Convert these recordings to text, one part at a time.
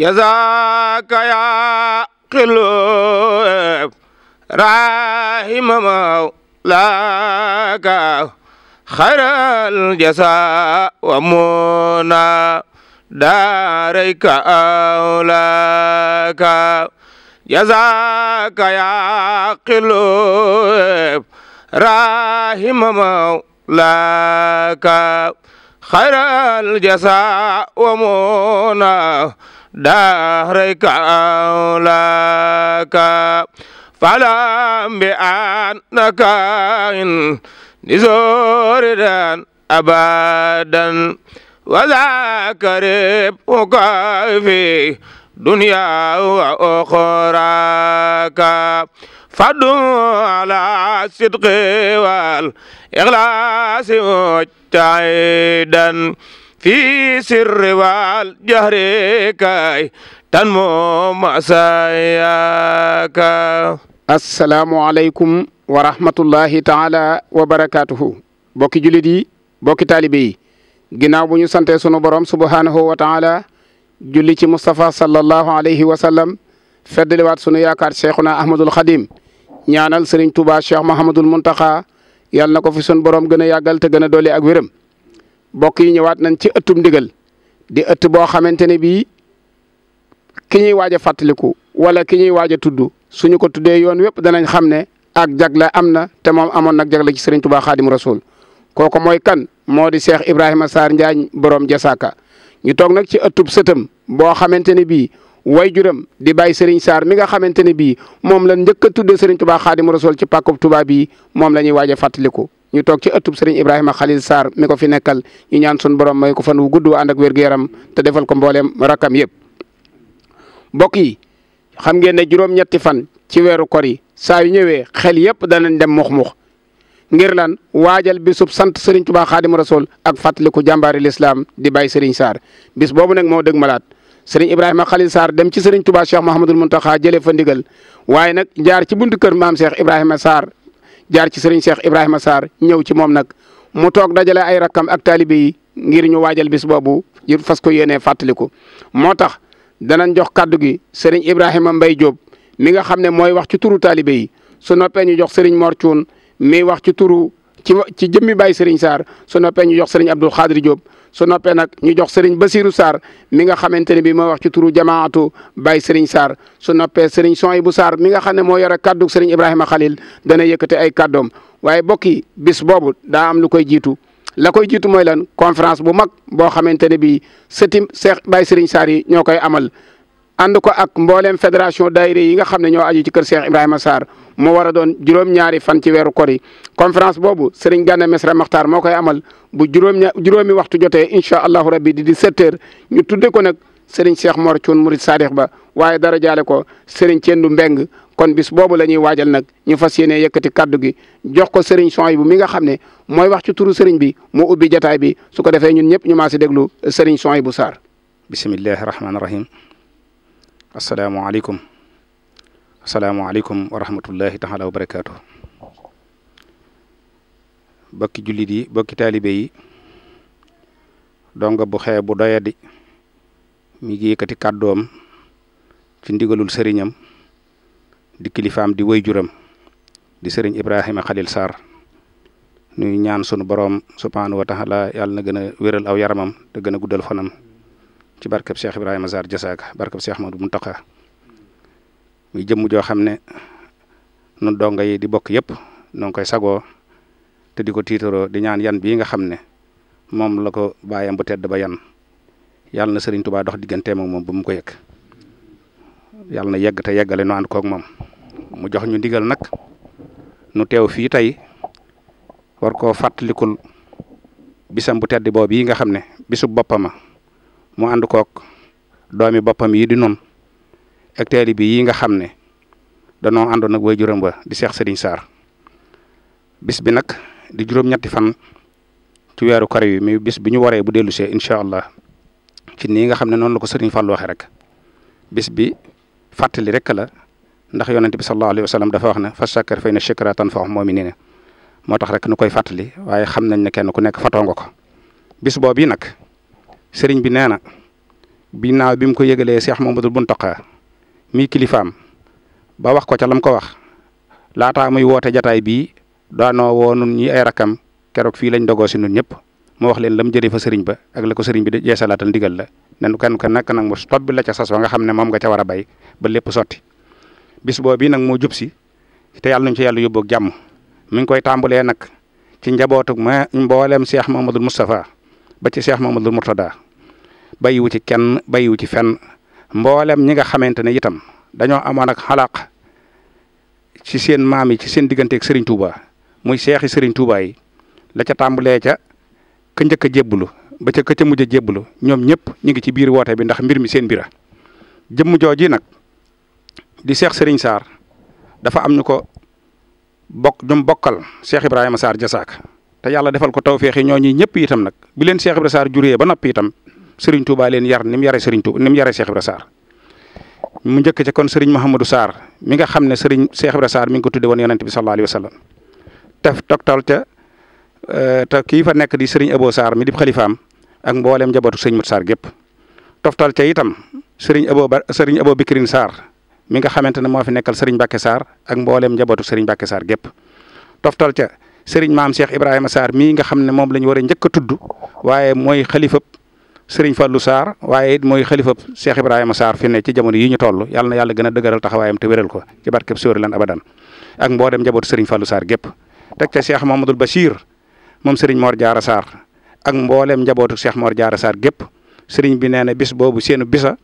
jazaaka yaa xiloof rahima mawlaaka xayral jazaa wa muna daarayka awlaaka jazaaka yaa xiloof rahima mawlaaka xayral jazaa wa muna دهرك أولاك فلا بأنك إن نزوردا أبدا وذاك ربك في دنيا وأخراك فدوا على الصدق والإخلاص مجتهدا fi sirri wal jahri kay tan moo masayaka asalaamualeykum wa rahmatullahi taala wa bokki julit yi bokki taalibe yi ginnaaw bu ñu sante sunu borom subhaanahu wa taala julli ci Moustapha sallallahu alayhi wa sallam feddaliwaat sunu yaakaar cheikhuna ahmadul xadim ñaanal sëriñ Tuubaa cheikh Mahamadul Muntaxa yàlla na ko fi sunu borom gën a yàggal te gën a doole ak wéram mbokk yi ñëwaat nañ ci ëttum ndigal di ëtt boo xamante ne bii ki ñuy waaj a fàttaliku wala ki ñuy waaj a tudd suñu ko tuddee yoon wépp danañ xam ne ak jagle am na te moom amoon nag jagle ci Serigne Touba Xaadim Rasul kooku mooy kan moo di Cheikh Ibrahima saar Njaañ borom Jasaaka ñu toog nag ci ëttub sëtam boo xamante ne bii way juram di bàyyi Serigne saar mi nga xamante ne bii moom la njëkk a tuddee Serigne Touba Xaadim Rasul ci pàkkub Touba bii moom la ñuy waaj a fàttaliku ñu toog ci ëttub sëriñ Ibrahima Khalil saar mi ko fi nekkal ñu ñaan sun borom may ko fan wu gudd ànd ak wér-gu-yaram te defal ko mbooleem rakkam yëpp. mbokk yi xam ngeen ne juróom-ñetti fan ci weeru kor yi saa yu ñëwee xel yëpp danañ dem mux-mux ngir lan waajal bisub sant Serigne Touba Xaadimu Rasuul ak fàttaliku jàmbaari lislaam di bàyyi Serigne Sarr bis boobu nag moo deg malaat Serigne Ibrahima Khalil Sarr dem ci Serigne Touba Cheikh Mouhamadul Mountakha jëlee fa ndigal waaye nag jaar kër maam Cheikh Ibrahima Sarr jaar ci sëriñ Cheikh Ibrahima saar ñëw ci moom nag mu toog dajale ay rakkam ak taalibe yi ngir ñu waajal bis boobu ngir fas ko yéenee fàttaliku. moo tax danañ jox kàddu gi sëriñ Ibrahima mbay jóob mi nga xam ne mooy wax ci turu taalibe yi su noppee ñu jox sëriñ Mor Thioune mi wax ci turu ci ci jëmmi Baye sëriñ Sarr su noppee ñu jox sëriñ Abdou Khadri jóob su noppee nag ñu jox Serigne Basirou Sarr mi nga xamante ne bii moo wax ci turu jamaatu Baye Serigne saar su noppee Serigne Sohaibou Sarr mi nga xam ne moo yore kaddu Serigne Ibrahima Khalil dana yëkkate ay kaddoom waaye mbokk yi bis boobu daa am lu koy jiitu. la koy jiitu mooy lan conférence bu mag boo xamante ne bii sëti Seex Baye Serigne Sarr yi ñoo koy amal ànd ko ak mboolem fédération daayira yi nga xam ne ñoo aju ci kër Cheikh Ibrahima saar moo war a doon juróom-ñaari fan ci weeru kor yi conférence boobu Serigne Gana Messere Maxtaar moo koy amal bu juróom juróomi waxtu jotee incha allahu rabbi di di sept ñu tudde ko nag Serigne Cheikh Mor Thioune Murid Sadikh ba waaye dara jaale ko Serigne Thiendou Mbeng kon bis boobu la ñuy waajal nag ñu fas yéene yëkkati kaddu gi jox ko Serigne Souhaïbou mi nga xam ne mooy wax ci turu Serigne bi mu ubbi jataay bi su ko defee ñun ñëpp ñu maa si déglu Serigne Souhaïbou Sarr bismillahi rahmaani rahim asalaamaaleykum asalaamaaleykum wa rahmatullahi taala wa barakaatu. bokki jullit yi bokki taalibe yi donga bu xee bu doyadi mi ngi yëkkati kàddoom ci ndigalul sëriñam di kilifaam di wayjuram di sëriñ Ibrahima Khalil Sarr nuy ñaan sunu borom subhaanahu wa taala yàlla na gën a wéral aw yaramam te gën a guddal fanam ci barkeb Cheikh Ibrahima Sarr Jasaaka barkeb Cheikh Ahmadou Mountakha muy jëmm joo xam ne nun donga yi di bokk yëpp noo koy sagoo te di ko tiitaroo di ñaan yan bi nga xam ne moom la ko bàyyam bu tedd ba yan yàlla na Serigne Touba dox digganteem ak moom ba mu ko yëg na yegg te yeggale nu ànd koog moom mu ñu ndigal nag nu teew fii tey war koo fàttalikul bisam bu nga xam ne bisu boppama mu ànd koog doomi boppam yi di noonu ak bi yi nga xam ne danoo àndoon ak waajuram ba di Seex Sëriñ Saar bis bi nag di juróom-ñetti fan ci weeru kor yi mi bis bi ñu waree bu dellu see incha allah ci nii nga xam ne noonu la ko Sëriñ Fallu waxee rek bis bi fàttali rek la ndax yonent bi sallallahu alayhi wa sallam dafa wax na fa shakkar fay na shakra tanfa'u mu'minin moo tax rek nu koy fàttali waaye xam nañ ne kenn ku nekk fatoo nga ko bis boobu nag. sëriñ bi nee na bi naaw bi mu ko yëgalee Cheikh Mamadou Buntaqa mi kilifaam ba wax ko ca lam ko wax laataa muy woote jataay bii daanoo woo nun ñi ay rakam keroog fii lañ dogoo si nun ñëpp moo wax leen lam jëlee fa sëriñ ba ak la ko sëriñ bi de jeesalaatal ndigal la nen kan ka nak nag mu stop la ca sas wa nga xam ne moom nga ca war a bay ba lépp sotti bis boo bii nag moo jub si te yàlla nañ ci yàlla yóbboog jàmm mi ngi koy tàmbalee nag ci njabootuk ma mboolem ma Mamadou Moustapha ba ci Cheikh Mamadou Mourtada bayiwu ci kenn bayiwu ci fenn mboolem ñi nga xamante ne itam dañoo amoon ak xalaak ci seen maam yi ci seen digganteek Serigne Touba muy seexi Serigne Touba yi la ca tàmbalee ca ka njëkk a ba ca ka ca mujj a ñoom ñëpp ñu ngi ci biir woote bi ndax mbir mi seen bira jëmm jooji nag di seex Serigne saar dafa am ñu ko bokk ñu bokkal seex Ibrahima Sarr jasaak te yàlla defal ko taw yi ñoo ñii ñëpp itam nag bi leen seex Ibrahima Sarr juree ba noppi Serigne Touba leen yar ni mu yaree Serigne Touba ni mu yaree Cheikh Ibra Sarr mu njëkk ca kon Serigne Mouhamadou Sarr mi nga xam ne Serigne Cheikh Ibra Sarr mi ngi ko tudde woon bi sallallahu alayhi wa sallam tef togtal ca euh, te kii fa nekk di Serigne Abo Sarr mi di xalifaam ak mboolem njabootu Serigne Moussa Sarr gépp toftal ca itam Serigne Abo ba Serigne Abo Bikirin Sarr mi nga xamante ne moo fi nekkal Serigne Bakke Sarr ak mboolem njabootu Serigne Bakke Sarr gépp toftal ca Serigne maam Cheikh Ibrahima saar mii nga xam ne moom la ñu war a njëkk a tudd waaye mooy sëriñ Fallou Sarr waaye it mooy xalifa Cheikh Ibrahima Sarr saar fine ci jamono yi ñu toll yàlla na yàlla gën a dëgëral taxawaayam te wéral ko ci barkeb sóori lan abadan ak mboolem njabootu sëriñ Fallou saar gépp teg ca Cheikh Mahamadul Bachir moom sëriñ Mor Diarra Sarr ak mboolem njabootu Cheikh Mor Diarra Sarr gépp sëriñ bi nee na bis boobu seenu bisa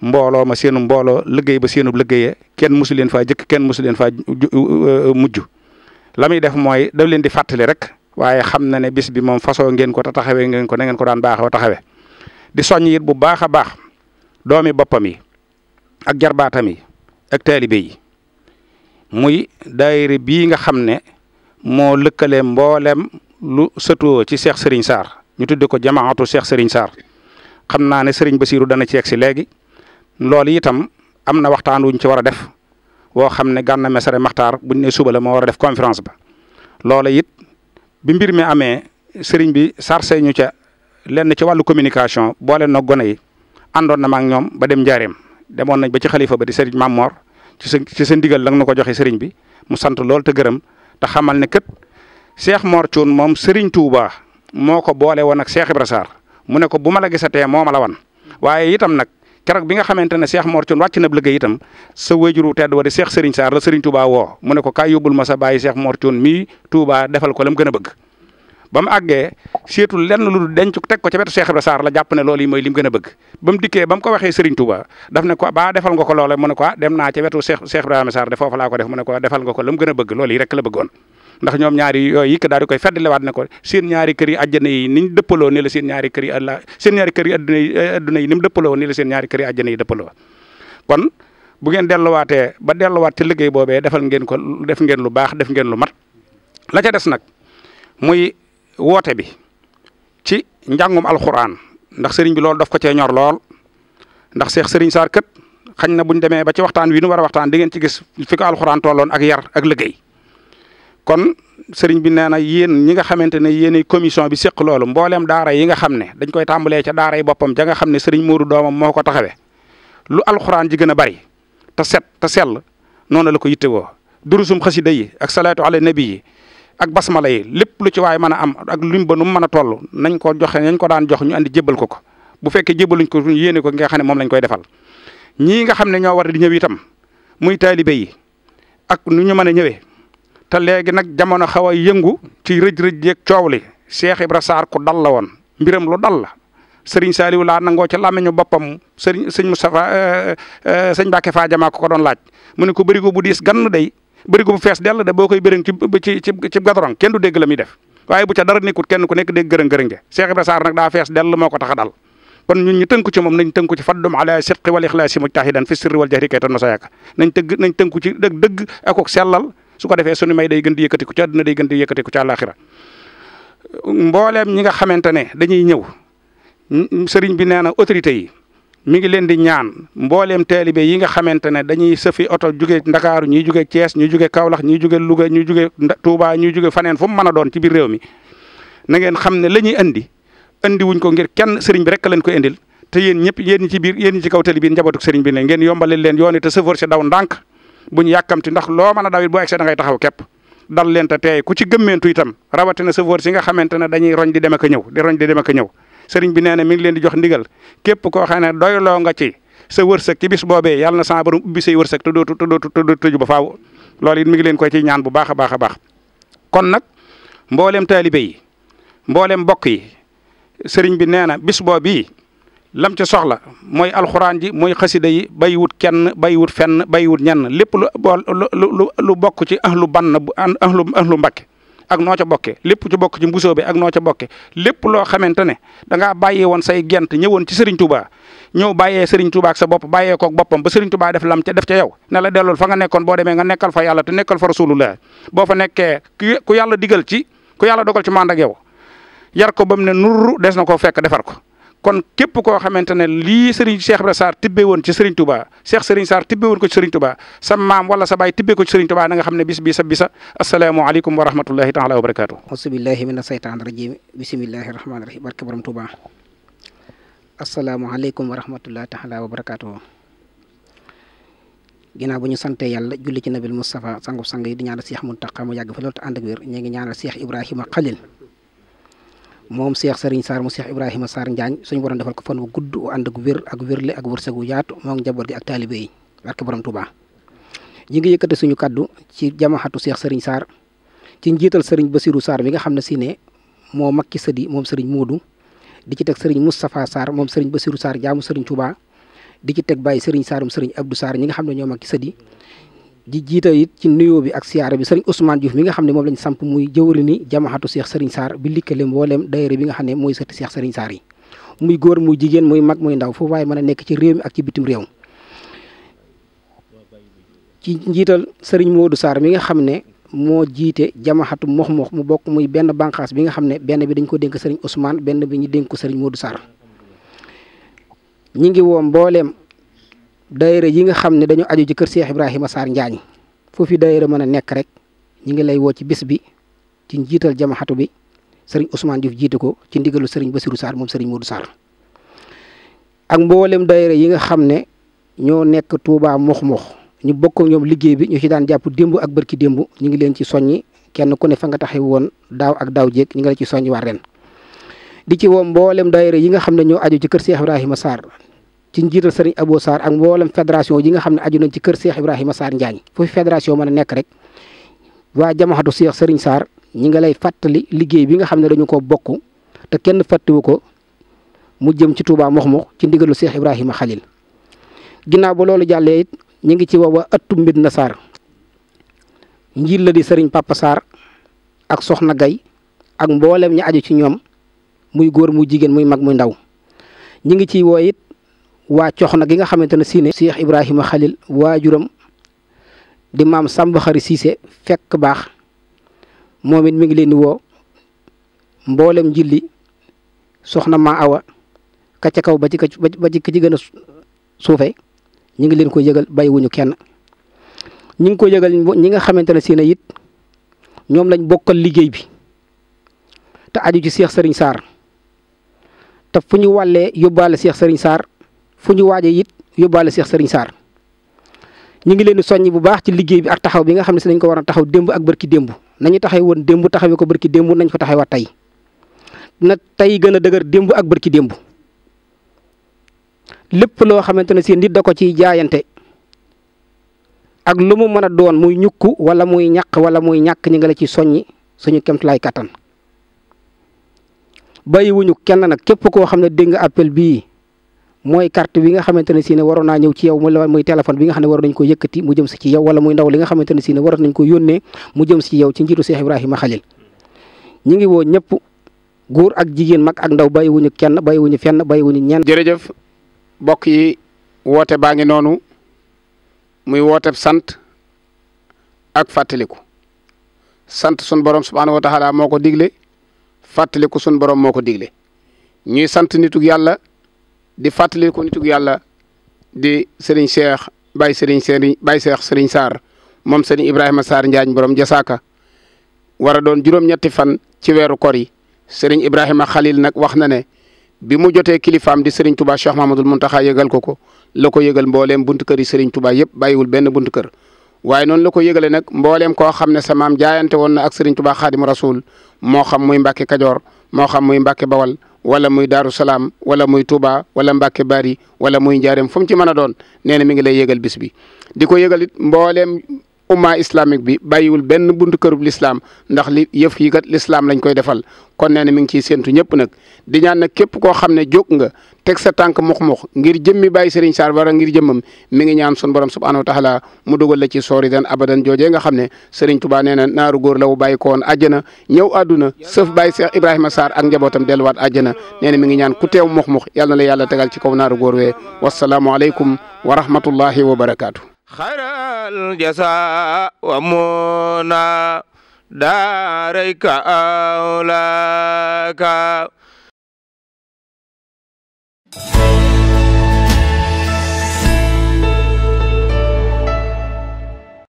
mbooloo ma seenu mbooloo liggéey ba seenu liggéeyee kenn mosu leen faa jëkk kenn mosu leen faa mujj la muy def mooy daf leen di fàttali rek waaye xam na ne bis bi moom façon ngeen ko te taxawee ngeen ko na ngeen ko daan di soññ it bu baax a baax doomi boppam ak jarbaatam yi ak taalibe yi muy daayira bii nga xam ne moo lëkkale mboolem lu sëtoo ci Cheikh Serigne saar ñu tudde ko jamaatu Cheikh Serigne saar xam naa ne Serigne Bassirou dana ci yegg si léegi loolu itam am na waxtaan wuñ ci war a def woo xam ne Gana Messere Maxtaar buñ ne suba moo war a def conférence ba loola it bi mbir mi amee sëriñ bi sarsé ñu ca lenn ci wàllu communication boole na gone yi àndoon na ma ñoom ba dem njaareem demoon nañ ba ci xalifa ba di sëriñ Maam moor ci sa ci sa ndigal ko joxe sëriñ bi mu sant lool te gërëm te xamal ne kët Cheikh Mor Thioune moom sëriñ Touba moo ko boole woon ak Cheikh Ibra mu ne ko bu ma la tee moo ma la wan waaye itam nag keroog bi nga xamante ne Cheikh Mor Thion wàcc na liggéey itam sa wajuru tedd wa di Cheikh Serigne Sarr la Serigne Touba woo mu ne ko kaay yóbbul ma sa bàyyi Cheikh Mor Thion mii Touba defal ko la mu gën a bëgg ba mu àggee seetul lenn lu dul denc teg ko ca wetu Cheikh Ibrahima Sarr la jàpp ne loolu yi a bëgg ba mu dikkee ba mu ko waxee Serigne Touba daf ne ko baa defal nga ko loola mu ne ko ah, dem naa ca wetu Cheikh Cheikh Ibrahima a de foofu laa ko def mu ne ko defal nga ko la mu gën a bëgg loolu yi rek ndax ñoom ñaari yooyu yikk di koy feddaliwaat ne ko seen ñaari kër yi àjjana yi niñ dëppaloo ni la seen ñaari kër yi àlla seen ñaari kër yi adduna eh, mu dëppaloo ni la seen ñaari kër yi àjjana yi dëppaloo kon bu ngeen delluwaatee ba delluwaat ci liggéey boobee defal ngeen ko def ngeen lu baax def ngeen lu mat la ca des nag muy woote bi ci njàngum alxuraan ndax sëriñ bi lool daf ko cee ñor lool ndax seex sëriñ Saar kët xañ na buñ demee ba ci waxtaan wi nu war a waxtaan di ngeen ci gis fi ko alxuraan toloon ak yar ak liggéey kon sëriñ bi nee na yéen ñi nga xamante ne yéenay commission bi séq loolu mbooleem daara yi nga xam ne dañ koy tàmbalee ca daara yi boppam ja nga xam ne sëriñ Modou doomam moo ko taxawee lu alxuraan ji gën a bari te set te sell noonu la ko yittewoo durusum xasida yi ak salaatu ala nabi yi ak basmala yi lépp lu ci waay mën a am ak lim ba nu mu mën a toll nañ ko joxe nañ ko daan jox ñu andi jébbal ko ko bu fekkee jébbaluñ ko yéene ko nga xam ne moom lañ koy defal ñii nga xam ne ñoo war di ñëw itam muy taalibe yi ak nu ñu mën a ñëwee te léegi nag jamono xaw a yëngu ci rëj-rëj yeeg coow li Cheikh Ibra Sarr ku dal la woon mbiram lu dal la Serigne Saliou laa nangoo ca làmmiñu boppam Serigne sëñ Moustapha euh, euh, sëñ Mbacke Faa Jamaa ko ko doon laaj mu ne ko bërigo bu diis gann day bërigo bu fees dell de boo koy bërëng ci ci ci ci gadorong kenn du dégg la def waaye bu ca dara nekkut kenn ku nekk dégg gërëng-gërënge Cheikh Ibra Sarr nag daa fees dell moo ko tax a dal kon ñun ñu tënku ci moom nañ tënku ci faddum ala sidqi wal ixlaasi mujtahidan fi sirri wal jahri kaytan masayaka nañ tëgg nañ tënku ci dëgg dëgg ak sellal su ko defee suñu may day gën di yëkkatiku ca àdduna day gën di yëkkatiku ca àllaaxira mbooleem ñi nga xamante ne dañuy ñëw sëriñ bi nee na autorité yi mi ngi leen di ñaan mbooleem taalibe yi nga xamante ne dañuy sëfi oto jóge Ndakaaru ñuy jóge Thiès ñuy jóge Kaolack ñuy jóge Louga ñuy jóge Touba ñuy jóge faneen fu mu mën a doon ci biir réew mi na ngeen xam ne la ñuy andi andi wuñ ko ngir kenn sëriñ bi rek lañ ko indil te yéen ñëpp yéen ñi ci biir yéen ñi ci kaw tali bi njabootu sëriñ bi ne ngeen yombalal leen yoon te sëfoor si buñ yàkkamti ndax loo mën a dawit boo egsee da ngay taxaw kepp dal leen te teey ku ci gëmmentu itam rawatina sa si nga xamante ne dañuy roñ di dem ak a ñëw di roñ di dem ak a ñëw sëriñ bi nee na mi ngi leen di jox ndigal képp koo xam ne doyloo nga ci sa wërsëg ci bis boobe yàlla na sa borom ubbi say wërsëg te dootu te dootu te dootu ba faaw loolu it mi ngi leen koy ci ñaan bu baax a baax a baax kon nag mboolem taalibe yi mboolem mbokk yi sëriñ bi nee na bis boobu lam ca soxla mooy alxuraan ji mooy xasida yi bayiwut kenn bayiwut fenn bayiwut ñenn lépp lu lu lu bokk ci ahlu bann ahlu ahlu mbakke ak noo ca bokkee lépp ci bokk ci mbusoo bi ak noo ca bokkee lépp loo xamante ne da ngaa bàyyee woon say gent ñëwoon ci Serigne Touba ñëw bàyyee Serigne Touba sa bopp bàyyee kook boppam ba Serigne Touba def lam ca def ca yow ne la dellul fa nga nekkoon boo demee nga nekkal fa yàlla te nekkal fa rasulullah boo fa nekkee ku yàlla digal ci ku yàlla dogal ci mànd ak yow yar ko ba mu ne nurru des na koo fekk defar ko kon képp koo xamante ne lii Serigne Cheikh Ibrahima Sarr tibbee woon ci Serigne Touba Cheikh Serigne Sarr tibbee woon ko ci Serigne Touba sa maam wala sa baay tibbee ko ci Serigne Touba na nga xam ne bis bi sa bisa asalaamaaleykum wa rahmatullahi taala wa barakaatu. asubillahi mina saytaani rajim bisimilahi rahmaani rahim barke borom Touba asalaamaaleykum wa rahmatullahi taala wa barakaatu. ginnaaw bu ñu sante yàlla julli ci nabil Moustapha sangu sang yi di ñaanal Cheikh Mountakha mu yàgg fa loolu te ànd ak wér ñu ngi ñaanal Cheikh Ibrahima Khalil. moom Cheikh Serigne Sarr mu Cheikh Ibrahima Sarr Njaañ suñu borom defal ko fan wu gudd wu ànd ak wér ak wérle ak wërsëg wu yaatu moom njaboot gi ak taalibe yi barke borom Touba ñi ngi yëkkate suñu kaddu ci jamaxatu Cheikh Serigne Sarr ci njiital Serigne Bassirou Sarr mi nga xam ne si ne moo mag ci sëdi moom Serigne Moodu di ci teg Serigne Moustapha sar moom Serigne Bassirou saar jaamu Serigne Touba di ci teg Baye Serigne saarum mu Serigne Abdou Sarr ñi nga xam ne ñoo mag ci sëdi di jiita it ci nuyoo bi ak siyaara bi sëriñ Ousmane Diouf mi nga xam ne moom lañ samp muy jëwri ni jamaxatu seex sëriñ Sarr bi likkale mbooleem daayira bi nga xam ne mooy sëti seex sëriñ muy góor muy jigéen muy mag muy ndaw foofu waaye a nekk ci réew mi ak ci njiital sëriñ Modou Sarr mi nga xam ne moo jiite jamaxatu mox mox mu bokk muy benn bànqaas bi nga xam ne benn bi dañ ko dénk sëriñ Ousmane benn bi ñu dénk ko sëriñ Modou Sarr ñi ngi woo mbooleem daayira yi nga xam ne dañoo aju ci kër Cheikh Ibrahima Sarr Njaañ foofu daayira mën a nekk rek ñu ngi lay woo ci bis bi ci njiital jamaxatu bi sëriñ Ousmane Diouf jiite ko ci ndigalu sëriñ Bassirou saar moom sëriñ Modou saar ak mboolem daayira yi nga xam ne ñoo nekk Touba Mokh-Mokh ñu bokk ñoom liggéey bi ñu ci daan jàpp démb ak bërki démb ñu ngi leen ci soññi kenn ku ne nga taxi woon daaw ak daaw jéeg ñu ngi ci soññi war ren di ci woo mboolem daayira yi nga xam ne ñoo aju ci kër Cheikh Ibrahima Sarr ci njiital sëriñ Abo Sarr ak mboolem fédération ji nga xam ne aju nañ ci kër Cheikh Ibrahima Sarr Njaañ foofu fédération mën a nekk rek waa jamaxatu Cheikh sëriñ saar ñi nga lay fàttali liggéey bi nga xam ne dañu ko bokk te kenn fàttiwu ko mu jëm ci Touba Mokhmokh ci ndigalu Cheikh Ibrahima Khalil ginnaaw ba loolu jàllee it ñu ngi ci woo waa ëttu mbir na saar njiit la di sëriñ Papa Sarr ak Soxna Gay ak mboolem ñi aju ci ñoom muy góor mu jigéen muy mag mu ndaw ñi ngi ciy woo waa coxna gi nga xamante ne si ne Cheikh Ibrahima Khalil waajuram di maam Samba Xari Cissé fekk baax moom it mi ngi leen di woo mboolem njilli soxna ma awa ka ca kaw ba ci ba ci gën a suufe ñu ngi leen koy yëgal bàyyiwuñu kenn ñu ngi koy yëgal ñi nga xamante ne si ne it ñoom lañ bokkal liggéey bi te aju ci Cheikh Serigne Sarr te fu ñu wàllee yóbbaale Cheikh Serigne saar fu ñu waaje it yóbbaale Cheikh Serigne saar ñu ngi leen soññ bu baax ci liggéey bi ak taxaw bi nga xam ne si dañ ko war a taxaw démb ak bërki démb nañu taxaw démb taxawee ko bërki démb nañ ko taxawaat tey na tey gën a dëgër démb ak bërki démb lépp loo xamante ne si nit da ko ciy jaayante ak lu mu mën a doon muy ñukk wala muy ñàq wala muy ñàkk ñi nga la ci soññi suñu kemtulaay kàttan bàyyiwuñu kenn nag képp koo xam ne dégg nga appel bii mooy carte bi nga xamante ne si ne waroon naa ñëw ci yow mu la muy téléphone bi nga xam ne waroon nañ ko yëkkati mu jëm si ci yow wala muy ndaw li nga ne mu jëm si yow ci njiitu Cheikh Ibrahima Khalil ñi ngi woo ñëpp góor ak jigéen mag ak ndaw bàyyiwuñu kenn bàyyiwuñu fenn bàyyiwuñu ñenn. jërëjëf mbokk yi woote baa ngi noonu muy woote sant ak fàttaliku sant sun borom subhaanahu wa taala moo ko digle fàttaliku sun borom moo ko digle ñuy sant nituk yàlla. di fàttali ko nituk yàlla di sëriñ Cheikh Baye sëriñ sëriñ Baye Cheikh sëriñ Sarr moom sëriñ Ibrahima saar Njaañ borom jasaaka war a doon juróom-ñetti fan ci weeru kor yi sëriñ Ibrahima Khalil nag wax na ne bi mu jotee kilifaam di sëriñ Touba Cheikh Mahamadul Muntaxa yëgal ko ko la ko yëgal mbooleem buntu kër yi sëriñ Touba yëpp bàyyiwul benn buntu kër waaye noonu la ko yëgalee nag mbooleem koo xam ne sa maam jaayante woon na ak sëriñ Touba Xaadim Rasul moo xam muy Mbàkke Kajoor moo xam muy Mbàkke Bawal wala muy daaru salaam wala muy Touba wala Mbacke Bari wala muy Njaareem fu mu ci mën a doon nee na mi ngi lay yëgal bis bi di ko yëgal it mbooleem umma islamique bi bàyyiwul benn buntu kërub lislaam ndax li yëf yi kat lislaam lañ koy defal kon nee na mi ngi ciy séentu ñëpp nag di ñaan nag képp koo xam ne jóg nga teg sa tànk mux-mux ngir jëmmi bàyyi Serigne Sarr wara ngir jëmmam mi ngi ñaan sun borom subhanahu wa taala mu dugal la ci soori dan abadan joojee nga xam ne Serigne Touba nee na naaru góor la wu bàyyi ko woon àjjana ñëw àdduna sëf bàyyi Cheikh Ibrahima saar ak njabootam delluwaat àjjana nee na mi ngi ñaan ku teew mux-mux yàlla na la yàlla tegal ci kaw naaru góor wee wasalaamualeykum wa rahmatullahi wa barakaatu. xayral jasa wa muna daarayka awlaka